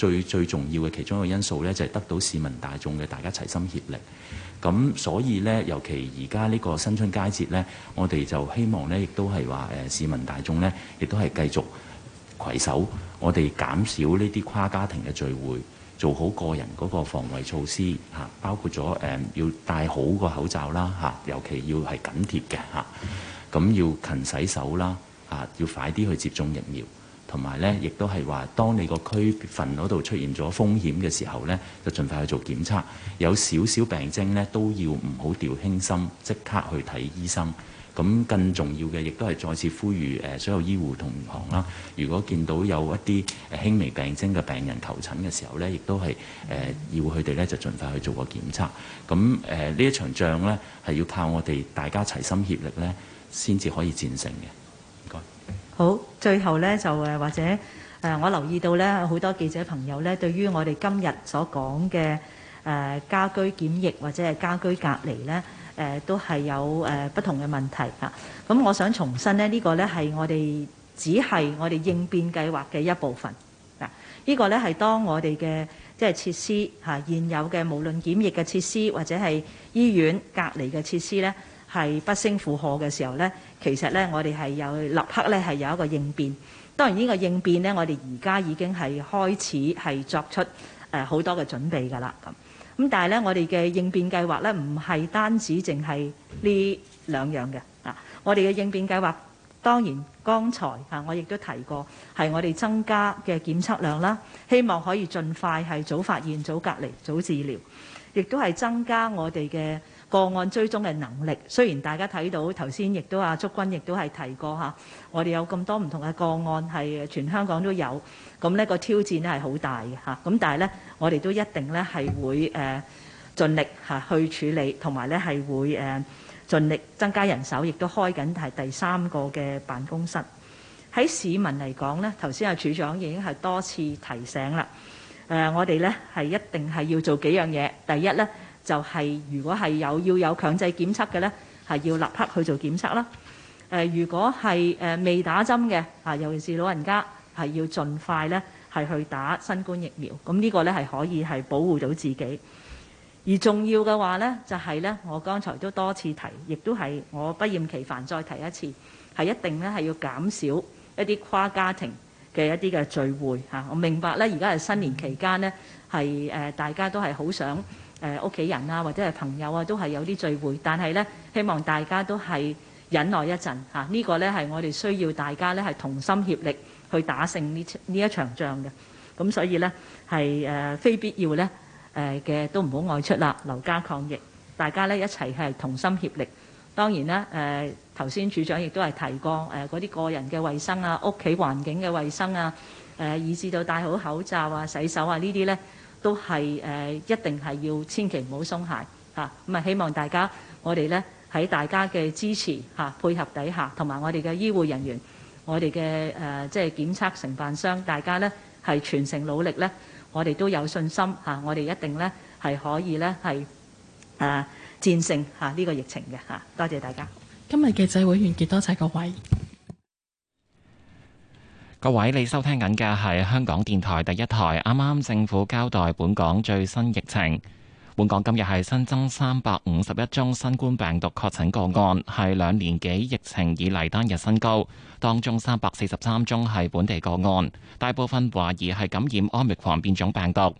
最最重要嘅其中一個因素呢，就係、是、得到市民大眾嘅大家齊心協力。咁所以呢，尤其而家呢個新春佳節呢，我哋就希望呢，亦都係話誒市民大眾呢，亦都係繼續攜手，我哋減少呢啲跨家庭嘅聚會，做好個人嗰個防衞措施嚇，包括咗誒、呃、要戴好個口罩啦嚇，尤其要係緊貼嘅嚇，咁、啊、要勤洗手啦嚇、啊，要快啲去接種疫苗。同埋咧，亦都係話，當你個區份嗰度出現咗風險嘅時候咧，就盡快去做檢測。有少少病徵咧，都要唔好掉輕心，即刻去睇醫生。咁更重要嘅，亦都係再次呼籲誒所有醫護同行啦。如果見到有一啲輕微病徵嘅病人求診嘅時候咧，亦都係誒要佢哋咧就盡快去做個檢測。咁誒呢一場仗咧，係要靠我哋大家齊心協力咧，先至可以戰勝嘅。唔該。好，最後咧就或者我留意到咧好多記者朋友咧對於我哋今日所講嘅家居檢疫或者係家居隔離咧都係有不同嘅問題啊。咁我想重申呢，呢個咧係我哋只係我哋應變計劃嘅一部分呢，呢個咧係當我哋嘅即係設施嚇現有嘅無論檢疫嘅設施或者係醫院隔離嘅設施咧係不勝負荷嘅時候咧。其實咧，我哋係有立刻咧係有一個應變。當然呢個應變咧，我哋而家已經係開始係作出誒好多嘅準備㗎啦。咁咁，但係咧，我哋嘅應變計劃咧，唔係單止淨係呢兩樣嘅啊。我哋嘅應變計劃，當然剛才啊，我亦都提過，係我哋增加嘅檢測量啦，希望可以盡快係早發現、早隔離、早治療，亦都係增加我哋嘅個案追蹤嘅能力，雖然大家睇到頭先，亦都阿祝君亦都係提過吓，我哋有咁多唔同嘅個案係全香港都有，咁、那、呢個挑戰呢係好大嘅吓。咁但係呢，我哋都一定呢係會誒盡力去處理，同埋呢係會誒盡力增加人手，亦都開緊係第三個嘅辦公室。喺市民嚟講，呢頭先阿處長已經係多次提醒啦。誒，我哋呢係一定係要做幾樣嘢。第一呢。就係、是，如果係有要有強制檢測嘅呢，係要立刻去做檢測啦。呃、如果係未打針嘅啊，尤其是老人家，係要盡快呢，係去打新冠疫苗。咁呢個呢，係可以係保護到自己。而重要嘅話呢，就係、是、呢，我剛才都多次提，亦都係我不厭其煩再提一次，係一定呢，係要減少一啲跨家庭嘅一啲嘅聚會、吓、我明白呢，而家係新年期間呢，係、呃、大家都係好想。誒屋企人啊，或者係朋友啊，都係有啲聚會，但係咧，希望大家都係忍耐一陣吓、啊這個、呢個咧係我哋需要大家咧係同心協力去打勝呢呢一場仗嘅。咁、啊、所以咧係誒非必要咧誒嘅都唔好外出啦，留家抗疫。大家咧一齊係同心協力。當然啦，誒頭先署長亦都係提過誒嗰啲個人嘅衛生啊、屋企環境嘅衛生啊、誒、呃、以至到戴好口罩啊、洗手啊呢啲咧。都係誒、呃，一定係要千祈唔好鬆懈嚇咁啊、嗯！希望大家我哋呢，喺大家嘅支持嚇、啊、配合底下，同埋我哋嘅醫護人員，我哋嘅誒即係檢測承辦商，大家呢係全程努力呢，我哋都有信心嚇、啊，我哋一定呢係可以呢係誒、啊、戰勝嚇呢、啊呢個疫情嘅嚇。多謝大家，今日嘅記者會完結，多謝各位。各位，你收聽緊嘅係香港電台第一台。啱啱政府交代本港最新疫情。本港今日係新增三百五十一宗新冠病毒確診個案，係兩年幾疫情以嚟單日新高。當中三百四十三宗係本地個案，大部分懷疑係感染奧密克戎變種病毒。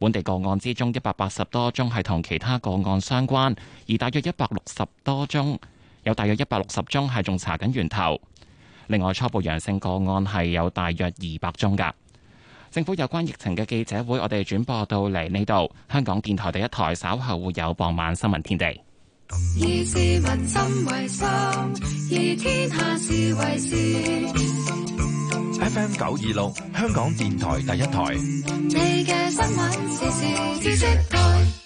本地個案之中，一百八十多宗係同其他個案相關，而大約一百六十多宗，有大約一百六十宗係仲查緊源頭。另外，初步陽性個案係有大約二百宗嘅。政府有關疫情嘅記者會，我哋轉播到嚟呢度。香港電台第一台稍後會有傍晚新聞天地。以市民心為心，以天下事為事。FM 九二六， FM926，香港電台第一台。 你嘅新聞時時知識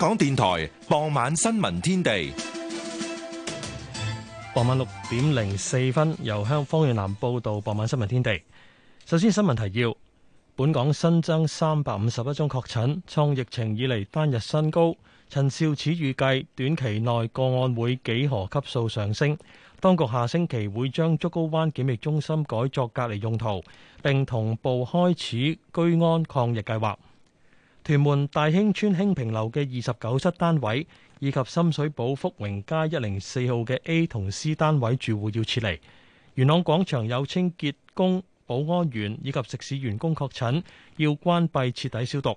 香港電台傍晚新聞天地，傍晚六點零四分，由香方越南報道傍晚新聞天地。首先新聞提要，本港新增三百五十一宗確診，創疫情以嚟單日新高。陳肇始預計短期內個案會幾何級數上升。當局下星期會將竹篙灣檢疫中心改作隔離用途，並同步開始居安抗疫計劃。屯門大興村興平樓嘅二十九室單位，以及深水埗福榮街一零四號嘅 A 同 C 單位住戶要撤離。元朗廣場有清潔工、保安員以及食肆員工確診，要關閉徹底消毒。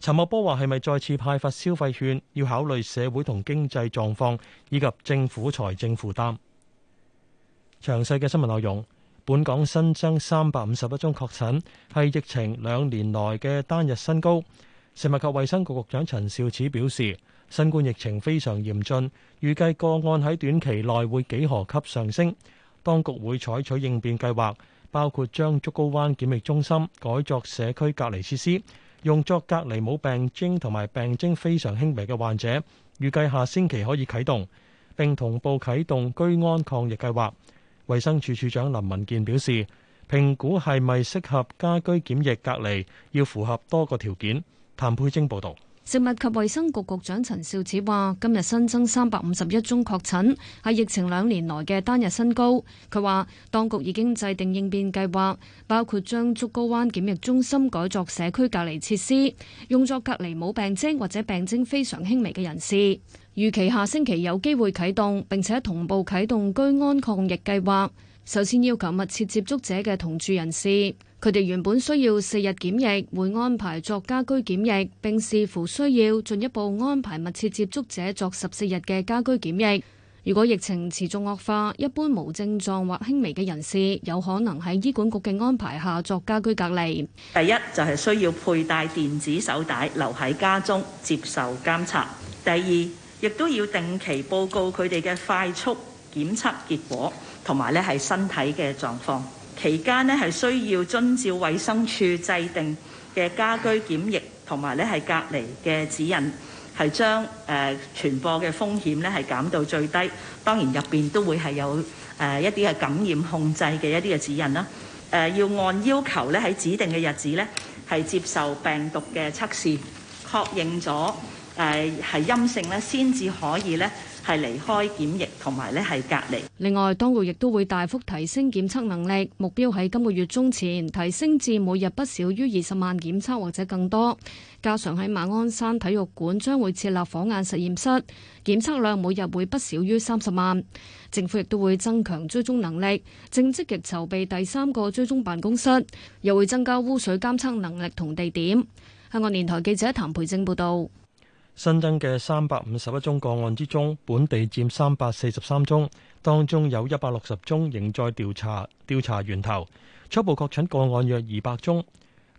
陳茂波話：係咪再次派發消費券？要考慮社會同經濟狀況以及政府財政負擔。詳細嘅新聞內容，本港新增三百五十一宗確診，係疫情兩年內嘅單日新高。食物及衛生局局長陳肇始表示，新冠疫情非常嚴峻，預計個案喺短期內會幾何級上升。當局會採取應變計劃，包括將竹篙灣檢疫中心改作社區隔離設施，用作隔離冇病徵同埋病徵非常輕微嘅患者。預計下星期可以啟動，並同步啟動居安抗疫計劃。衛生署署長林文健表示，評估係咪適合家居檢疫隔離，要符合多個條件。譚佩貞報道，食物及衛生局局長陳肇始話，今日新增三百五十一宗確診，係疫情兩年來嘅單日新高。佢話當局已經制定應變計劃，包括將竹篙灣檢疫中心改作社區隔離設施，用作隔離冇病徵或者病徵非常輕微嘅人士。預期下星期有機會啟動，並且同步啟動居安抗疫計劃，首先要求密切接觸者嘅同住人士。佢哋原本需要四日檢疫，會安排作家居檢疫，並視乎需要進一步安排密切接觸者作十四日嘅家居檢疫。如果疫情持續惡化，一般無症狀或輕微嘅人士有可能喺醫管局嘅安排下作家居隔離。第一就係需要佩戴電子手帶留喺家中接受監察。第二亦都要定期報告佢哋嘅快速檢測結果同埋咧係身體嘅狀況。期間咧係需要遵照衛生署制定嘅家居檢疫同埋咧係隔離嘅指引，係將誒傳播嘅風險咧係減到最低。當然入邊都會係有誒一啲係感染控制嘅一啲嘅指引啦。誒要按要求咧喺指定嘅日子咧係接受病毒嘅測試，確認咗誒係陰性咧，先至可以咧。係離開檢疫同埋係隔離。另外，當局亦都會大幅提升檢測能力，目標喺今個月中前提升至每日不少於二十萬檢測或者更多。加上喺馬鞍山體育館將會設立火眼實驗室，檢測量每日會不少於三十萬。政府亦都會增強追蹤能力，正積極籌備第三個追蹤辦公室，又會增加污水監測能力同地點。香港電台記者譚培正報道。新增嘅三百五十一宗個案之中，本地佔三百四十三宗，當中有一百六十宗仍在調查調查源頭。初步確診個案約二百宗，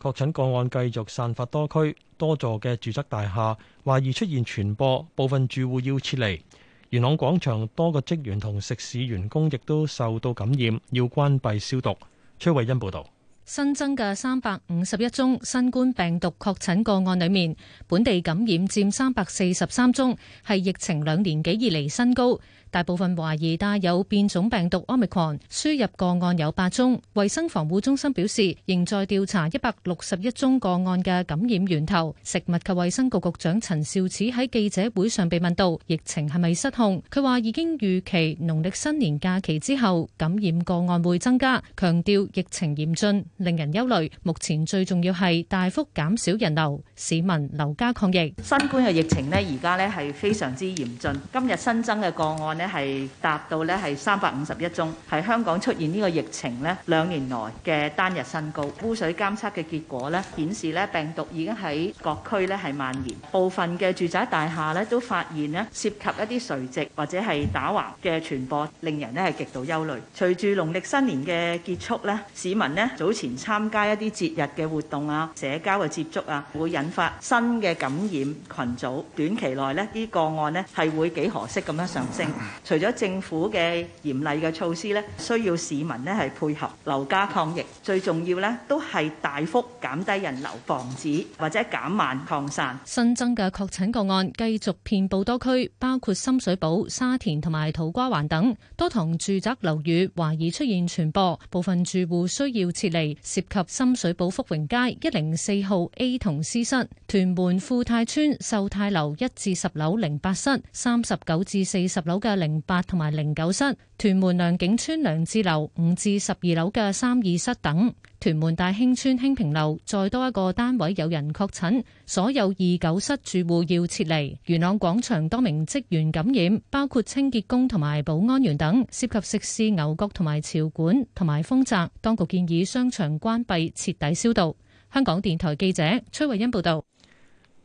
確診個案繼續散發多區多座嘅住宅大廈，懷疑出現傳播，部分住戶要撤離。元朗廣場多個職員同食肆員工亦都受到感染，要關閉消毒。崔慧欣報道。新增嘅三百五十一宗新冠病毒確診個案裏面，本地感染佔三百四十三宗，係疫情兩年幾以嚟新高。大部分懷疑帶有變種病毒 Omicron 輸入個案有八宗，衞生防護中心表示仍在調查一百六十一宗個案嘅感染源頭。食物及衞生局局長陳肇始喺記者會上被問到疫情係咪失控，佢話已經預期農曆新年假期之後感染個案會增加，強調疫情嚴峻令人憂慮，目前最重要係大幅減少人流，市民留家抗疫。新冠嘅疫情呢，而家呢係非常之嚴峻，今日新增嘅個案，咧係達到咧係三百五十一宗，係香港出現呢個疫情呢兩年來嘅單日新高。污水監測嘅結果呢顯示呢病毒已經喺各區呢係蔓延，部分嘅住宅大廈呢都發現呢涉及一啲垂直或者係打橫嘅傳播，令人呢係極度憂慮。隨住農曆新年嘅結束呢，市民呢早前參加一啲節日嘅活動啊、社交嘅接觸啊，會引發新嘅感染群組，短期內呢啲個案呢係會幾何式咁樣上升。除咗政府嘅嚴厲嘅措施咧，需要市民咧係配合留家抗疫。最重要咧，都係大幅減低人流房子，防止或者減慢擴散。新增嘅確診個案繼續遍佈多區，包括深水埗、沙田同埋土瓜灣等多幢住宅樓宇，懷疑出現傳播，部分住戶需要撤離。涉及深水埗福榮街一零四號 A 同 C 室、屯門富泰邨秀泰樓一至十樓零八室、三十九至四十樓嘅。零八同埋零九室，屯門良景村良智樓五至十二樓嘅三二室等，屯門大興村興平樓再多一個單位有人確診，所有二九室住戶要撤離。元朗廣場多名職員感染，包括清潔工同埋保安員等，涉及食肆牛角同埋潮館同埋豐澤，當局建議商場關閉徹底消毒。香港電台記者崔慧欣報道。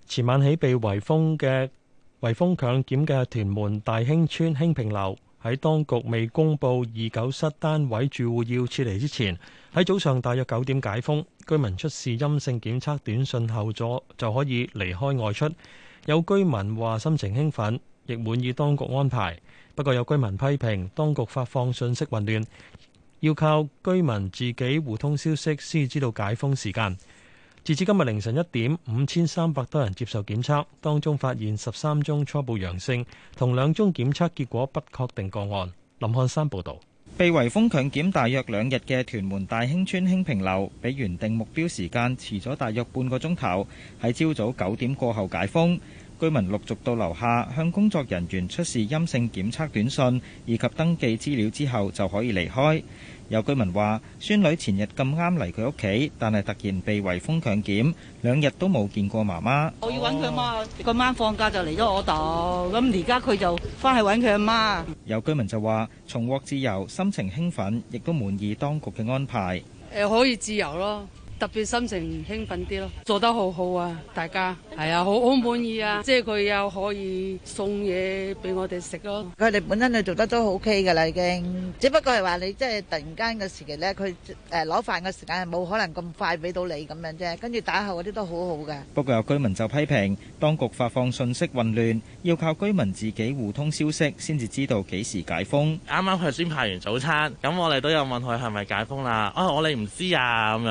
前晚起被圍封嘅圍封強檢嘅屯門大興村興平樓喺當局未公佈二九室單位住戶要撤離之前，喺早上大約九點解封，居民出示陰性檢測短信後就可以離開外出，有居民話心情興奮，亦滿意當局安排，不過有居民批評當局發放信息混亂，要靠居民自己互通消息先知道解封時間截至今日凌晨一點，五千三百多人接受檢測，當中發現十三宗初步陽性，同兩宗檢測結果不確定個案。林漢山報道。被圍封強檢大約兩日嘅屯門大興邨興平樓，比原定目標時間遲咗大約半個鐘頭，喺朝早九點過後解封，居民陸續到樓下向工作人員出示陰性檢測短信以及登記資料之後，就可以離開。有居民話：孫女前日咁啱嚟佢屋企，但係突然被圍封強檢，兩日都冇見過媽媽。我要揾佢媽，今晚、哦、放假就嚟咗我度，咁而家佢就翻去揾佢阿媽。有居民就話：重獲自由，心情興奮，亦都滿意當局嘅安排、呃。可以自由咯。特別心情興奮啲咯，做得好好啊！大家係啊，好好滿意啊！即係佢又可以送嘢俾我哋食咯。佢哋本身就做得都 ok 㗎啦，已經。只不過係話你即係突然間嘅時期咧，佢誒攞飯嘅時間係冇可能咁快俾到你咁樣啫。跟住打後嗰啲都好好㗎。不過有居民就批評，當局發放信息混亂，要靠居民自己互通消息先至知道幾時解封。啱啱佢先派完早餐，咁我哋都有問佢係咪解封啦。啊，我哋唔知啊咁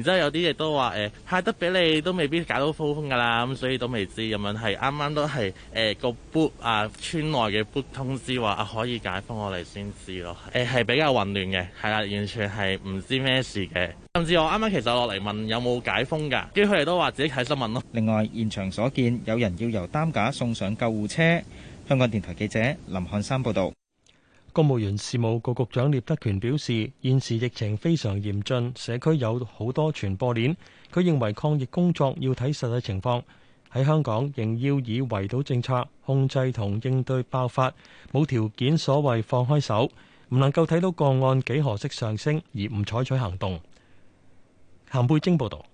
樣。都有啲亦都話誒派得畀你都未必解到封噶啦，咁所以都未知咁樣。係啱啱都係誒個 boot 啊，村內嘅 boot 通知話啊可以解封，我哋先知咯。誒係比較混亂嘅，係啦，完全係唔知咩事嘅。甚至我啱啱其實落嚟問有冇解封㗎？跟住佢哋都話自己睇新聞咯。另外現場所見，有人要由擔架送上救護車。香港電台記者林漢山報道。公務員事務局局長聶德權表示，現時疫情非常嚴峻，社區有好多傳播鏈。佢認為抗疫工作要睇實際情況，喺香港仍要以圍堵政策控制同應對爆發，冇條件所謂放開手，唔能夠睇到個案幾何式上升而唔採取行動。陳貝貞報道。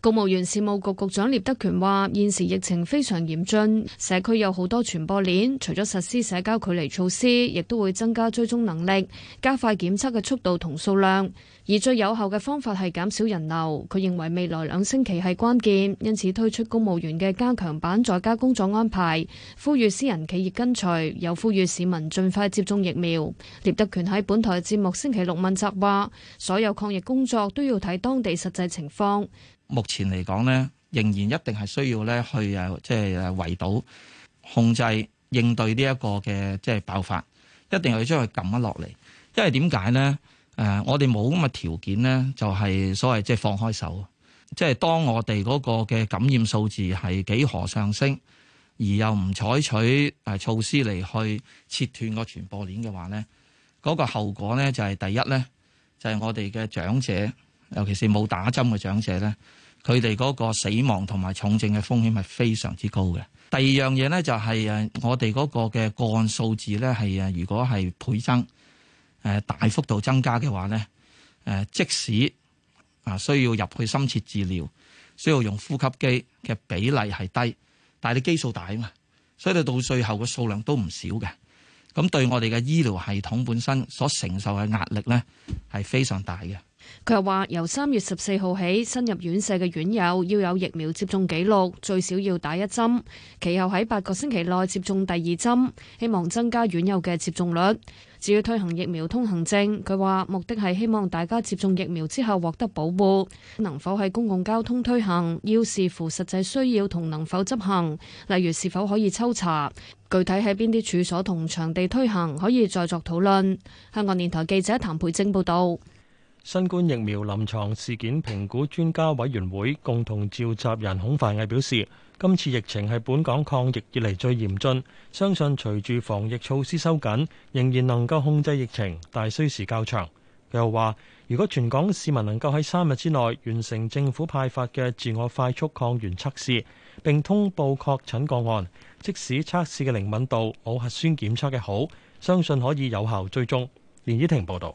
公務員事務局局長聶德權話，現時疫情非常嚴峻，社區有好多傳播鏈，除咗實施社交距離措施，亦都會增加追蹤能力，加快檢測嘅速度同數量。而最有效嘅方法係減少人流。佢認為未來兩星期係關鍵，因此推出公務員嘅加強版在家工作安排，呼籲私人企業跟隨，又呼籲市民盡快接種疫苗。聶德權喺本台節目星期六問責話，所有抗疫工作都要睇當地實際情況。目前嚟講咧，仍然一定係需要咧去即係圍堵、控制、應對呢一個嘅即係爆發，一定要將佢撳一落嚟。因為點解咧？誒，我哋冇咁嘅條件咧，就係所謂即係放開手。即係當我哋嗰個嘅感染數字係幾何上升，而又唔採取措施嚟去切斷個傳播鏈嘅話咧，嗰個後果咧就係第一咧，就係我哋嘅長者，尤其是冇打針嘅長者咧。佢哋嗰個死亡同埋重症嘅風險係非常之高嘅。第二樣嘢咧就係誒，我哋嗰個嘅個案數字咧係誒，如果係倍增，誒大幅度增加嘅話咧，誒即使啊需要入去深切治療，需要用呼吸機嘅比例係低，但係你基數大啊嘛，所以你到最後嘅數量都唔少嘅。咁對我哋嘅醫療系統本身所承受嘅壓力咧係非常大嘅。佢又話：由三月十四號起，新入院舍嘅院友要有疫苗接種記錄，最少要打一針，其後喺八個星期內接種第二針，希望增加院友嘅接種率。至於推行疫苗通行證，佢話目的係希望大家接種疫苗之後獲得保護。能否喺公共交通推行，要視乎實際需要同能否執行，例如是否可以抽查。具體喺邊啲處所同場地推行，可以再作討論。香港電台記者譚培正報道。新冠疫苗臨牀事件評估專家委員會共同召集人孔繁毅表示，今次疫情係本港抗疫以嚟最嚴峻，相信隨住防疫措施收緊仍然能夠控制疫情，但需時較長，佢又話，如果全港市民能夠喺三日之內完成政府派發嘅自我快速抗原測試，並通報確診個案，即使測試嘅靈敏度冇核酸檢測嘅好，相信可以有效追蹤，連依婷報道。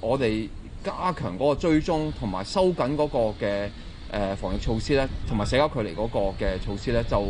我哋加強嗰個追蹤，同埋收緊嗰個嘅誒防疫措施咧，同埋社交距離嗰個嘅措施咧，就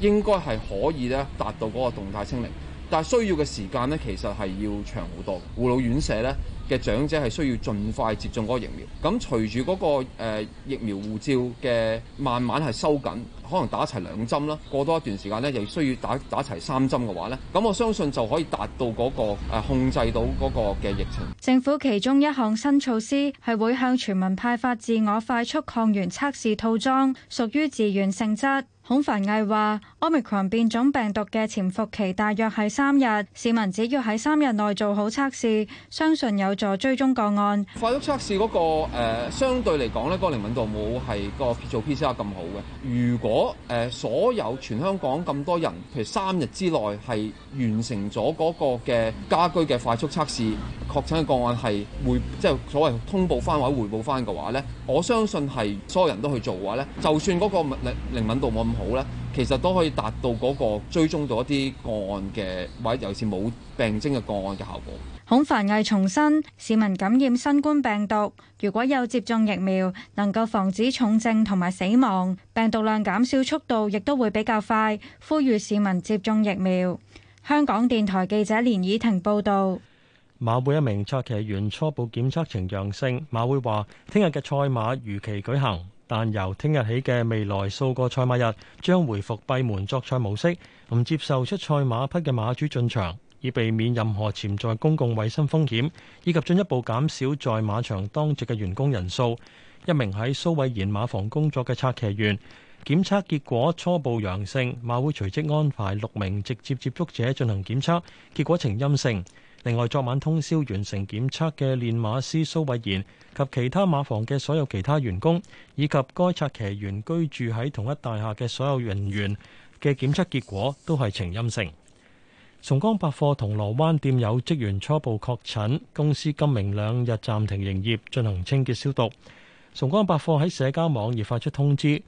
應該係可以咧達到嗰個動態清零。但需要嘅時間呢，其實係要長好多。護老院舍呢嘅長者係需要盡快接種嗰個疫苗。咁隨住嗰個疫苗護照嘅慢慢係收緊，可能打齊兩針啦，過多一段時間呢，又需要打打齊三針嘅話呢，咁我相信就可以達到嗰個控制到嗰個嘅疫情。政府其中一項新措施係會向全民派發自我快速抗原測試套裝，屬於自願性質。孔繁毅話：Omicron 變種病毒嘅潛伏期大約係三日，市民只要喺三日內做好測試，相信有助追蹤個案。快速測試嗰、那個、呃、相對嚟講呢個個靈敏度冇係個做 PCR 咁好嘅。如果誒、呃、所有全香港咁多人，譬如三日之內係完成咗嗰個嘅家居嘅快速測試，確診嘅個案係會即係、就是、所謂通報翻或者彙報翻嘅話呢，我相信係所有人都去做嘅話呢就算嗰個靈敏度冇好咧，其實都可以達到嗰個追蹤到一啲個案嘅，或者尤其冇病徵嘅個案嘅效果。孔繁毅重申，市民感染新冠病毒，如果有接種疫苗，能夠防止重症同埋死亡，病毒量減少速度亦都會比較快。呼籲市民接種疫苗。香港電台記者連以婷報導。馬會一名策騎員初步檢測呈陽性，馬會話：聽日嘅賽馬如期舉行。但由聽日起嘅未來數個賽馬日將回復閉門作賽模式，唔接受出賽馬匹嘅馬主進場，以避免任何潛在公共衛生風險，以及進一步減少在馬場當值嘅員工人數。一名喺蘇偉賢馬房工作嘅策騎員檢測結果初步陽性，馬會隨即安排六名直接接觸者進行檢測，結果呈陰性。另外，昨晚通宵完成檢測嘅練馬師蘇偉賢及其他馬房嘅所有其他員工，以及該策騎員居住喺同一大廈嘅所有人員嘅檢測結果都係呈陰性。崇光百貨銅鑼灣店有職員初步確診，公司今明兩日暫停營業進行清潔消毒。崇光百貨喺社交網頁發出通知。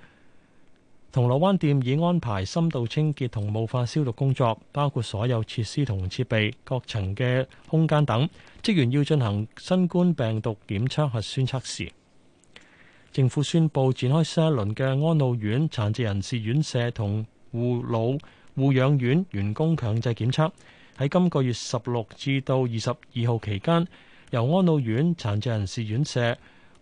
銅鑼灣店已安排深度清潔同霧化消毒工作，包括所有設施同設備、各層嘅空間等。職員要進行新冠病毒檢測核酸測試。政府宣布展開新一輪嘅安老院、殘疾人士院舍同護老護養院員工強制檢測，喺今個月十六至到二十二號期間，由安老院、殘疾人士院舍、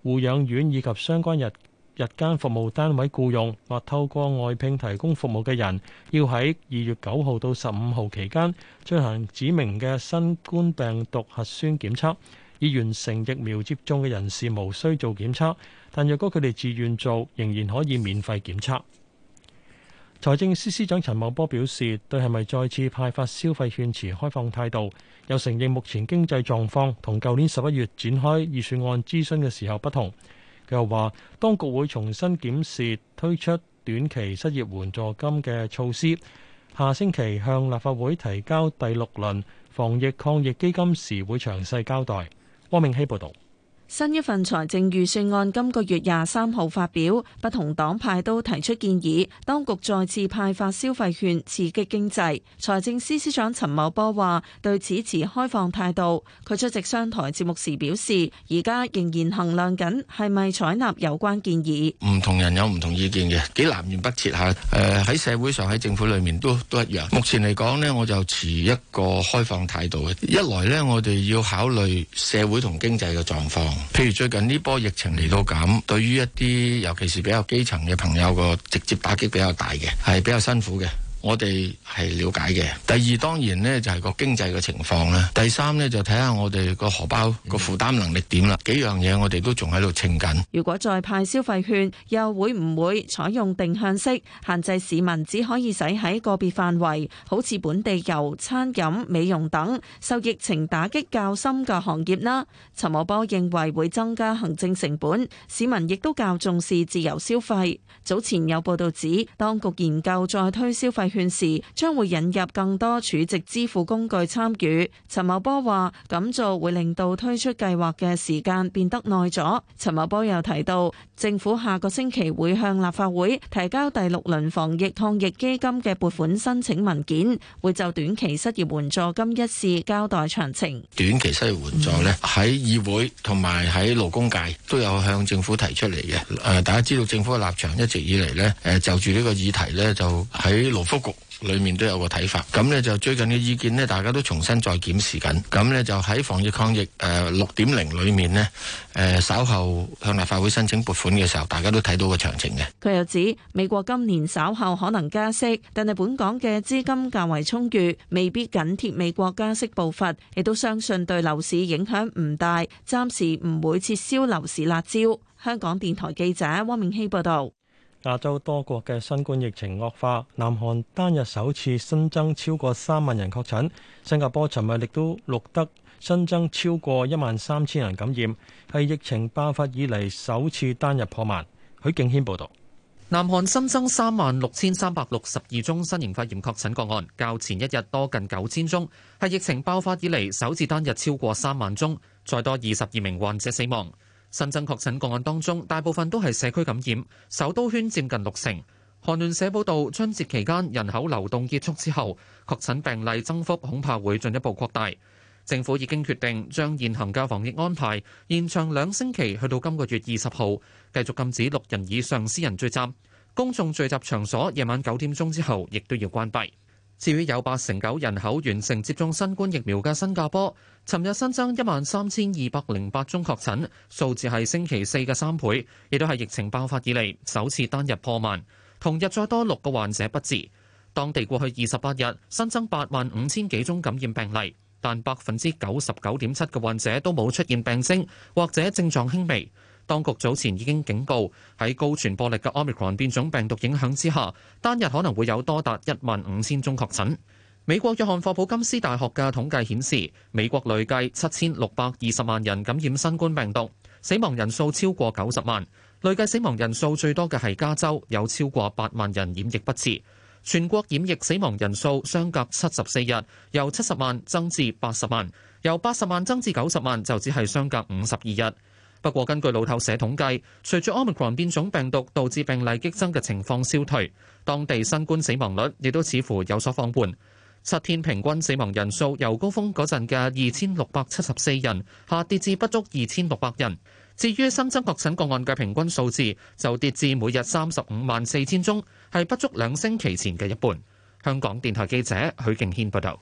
護養院以及相關日日間服務單位僱用或透過外聘提供服務嘅人，要喺二月九號到十五號期間進行指明嘅新冠病毒核酸檢測。已完成疫苗接種嘅人士無需做檢測，但若果佢哋自願做，仍然可以免費檢測。財政司司長陳茂波表示，對係咪再次派發消費券持開放態度，又承認目前經濟狀況同舊年十一月展開預算案諮詢嘅時候不同。佢又話：當局會重新檢視推出短期失業援助金嘅措施，下星期向立法會提交第六輪防疫抗疫基金時會詳細交代。汪明希報導。新一份財政預算案今個月廿三號發表，不同黨派都提出建議，當局再次派發消費券刺激經濟。財政司司長陳茂波話：對此持開放態度。佢出席商台節目時表示：而家仍然衡量緊係咪採納有關建議。唔同人有唔同意見嘅，幾南轅北轍下誒喺、呃、社會上喺政府裏面都都一樣。目前嚟講呢，我就持一個開放態度嘅。一來呢，我哋要考慮社會同經濟嘅狀況。譬如最近呢波疫情嚟到咁，對於一啲尤其是比較基層嘅朋友個直接打擊比較大嘅，係比較辛苦嘅。我哋係了解嘅。第二當然咧就係個經濟嘅情況啦。第三咧就睇下我哋個荷包個、嗯、負擔能力點啦。幾樣嘢我哋都仲喺度稱緊，如果再派消費券，又會唔會採用定向式，限制市民只可以使喺個別範圍，好似本地遊、餐飲、美容等受疫情打擊較深嘅行業啦？陳茂波認為會增加行政成本，市民亦都較重視自由消費，早前有報道指，當局研究再推消費。勸時將會引入更多儲值支付工具參與。陳茂波話，咁做會令到推出計劃嘅時間變得耐咗。陳茂波又提到，政府下個星期會向立法會提交第六輪防疫抗疫基金嘅撥款申請文件，會就短期失業援助金一事交代詳情。短期失業援助咧，喺議會同埋喺勞工界都有向政府提出嚟嘅。誒，大家知道政府嘅立場一直以嚟呢，誒就住呢個議題呢，就喺勞工。局裏面都有個睇法，咁呢就最近嘅意見呢，大家都重新再檢視緊。咁呢就喺防疫抗疫誒六點零裏面呢，誒稍後向立法會申請撥款嘅時候，大家都睇到個詳情嘅。佢又指，美國今年稍後可能加息，但係本港嘅資金較為充裕，未必緊貼美國加息步伐，亦都相信對樓市影響唔大，暫時唔會撤銷樓市辣招。香港電台記者汪銘希報道。亞洲多國嘅新冠疫情惡化，南韓單日首次新增超過三萬人確診，新加坡尋日亦都錄得新增超過一萬三千人感染，係疫情爆發以嚟首次單日破萬。許敬軒報導，南韓新增三萬六千三百六十二宗新型肺炎確診個案，較前一日多近九千宗，係疫情爆發以嚟首次單日超過三萬宗，再多二十二名患者死亡。新增確診個案當中，大部分都係社區感染，首都圈佔近六成。韓聯社報導，春節期間人口流動結束之後，確診病例增幅恐怕會進一步擴大。政府已經決定將現行嘅防疫安排延長兩星期，去到今個月二十號，繼續禁止六人以上私人聚集，公眾聚集場所夜晚九點鐘之後亦都要關閉。至於有八成九人口完成接種新冠疫苗嘅新加坡，尋日新增一萬三千二百零八宗確診，數字係星期四嘅三倍，亦都係疫情爆發以嚟首次單日破萬。同日再多六個患者不治。當地過去二十八日新增八萬五千幾宗感染病例，但百分之九十九點七嘅患者都冇出現病徵或者症狀輕微。當局早前已經警告，喺高傳播力嘅 Omicron 變種病毒影響之下，單日可能會有多達一萬五千宗確診。美國約翰霍普金斯大學嘅統計顯示，美國累計七千六百二十萬人感染新冠病毒，死亡人數超過九十萬。累計死亡人數最多嘅係加州，有超過八萬人染疫不治。全國染疫死亡人數相隔七十四日，由七十萬增至八十萬，由八十萬增至九十萬就只係相隔五十二日。不過，根據路透社統計，隨住 Omicron 變種病毒導致病例激增嘅情況消退，當地新冠死亡率亦都似乎有所放緩。七天平均死亡人數由高峰嗰陣嘅二千六百七十四人，下跌至不足二千六百人。至於新增確診個案嘅平均數字，就跌至每日三十五萬四千宗，係不足兩星期前嘅一半。香港電台記者許敬軒報道。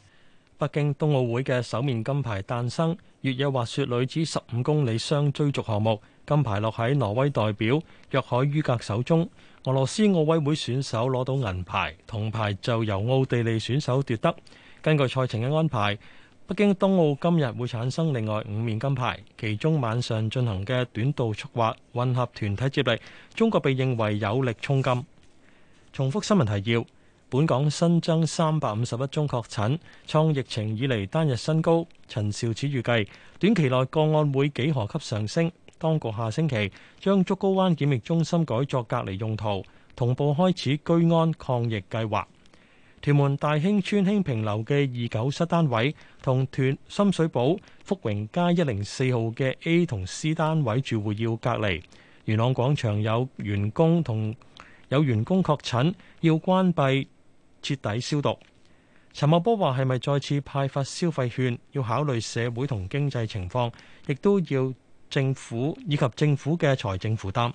北京冬奧會嘅首面金牌誕生。越野滑雪女子十五公里雙追逐項目金牌落喺挪威代表約海于格手中，俄羅斯奧委會選手攞到銀牌，銅牌就由奧地利選手奪得。根據賽程嘅安排，北京冬奧今日會產生另外五面金牌，其中晚上進行嘅短道速滑混合團體接力，中國被認為有力衝金。重複新聞提要。本港新增三百五十一宗確診，創疫情以嚟單日新高。陳肇始預計短期內個案會幾何級上升。當局下星期將竹篙灣檢疫中心改作隔離用途，同步開始居安抗疫計劃。屯門大興邨興平樓嘅二九室單位同屯深水埗福榮街一零四號嘅 A 同 C 單位住戶要隔離。元朗廣場有員工同有員工確診，要關閉。徹底消毒。陳茂波話，係咪再次派發消費券？要考慮社會同經濟情況，亦都要政府以及政府嘅財政負擔。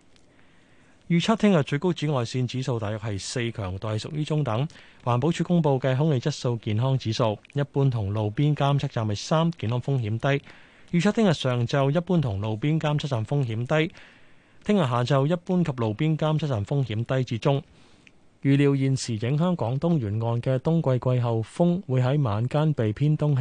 預測聽日最高紫外線指數大約係四，強度係屬於中等。環保署公佈嘅空氣質素健康指數，一般同路邊監測站係三，健康風險低。預測聽日上晝一般同路邊監測站風險低，聽日下晝一般及路邊監測站風險低至中。預料現時影響廣東沿岸嘅冬季季候風會喺晚間被偏東氣流影響。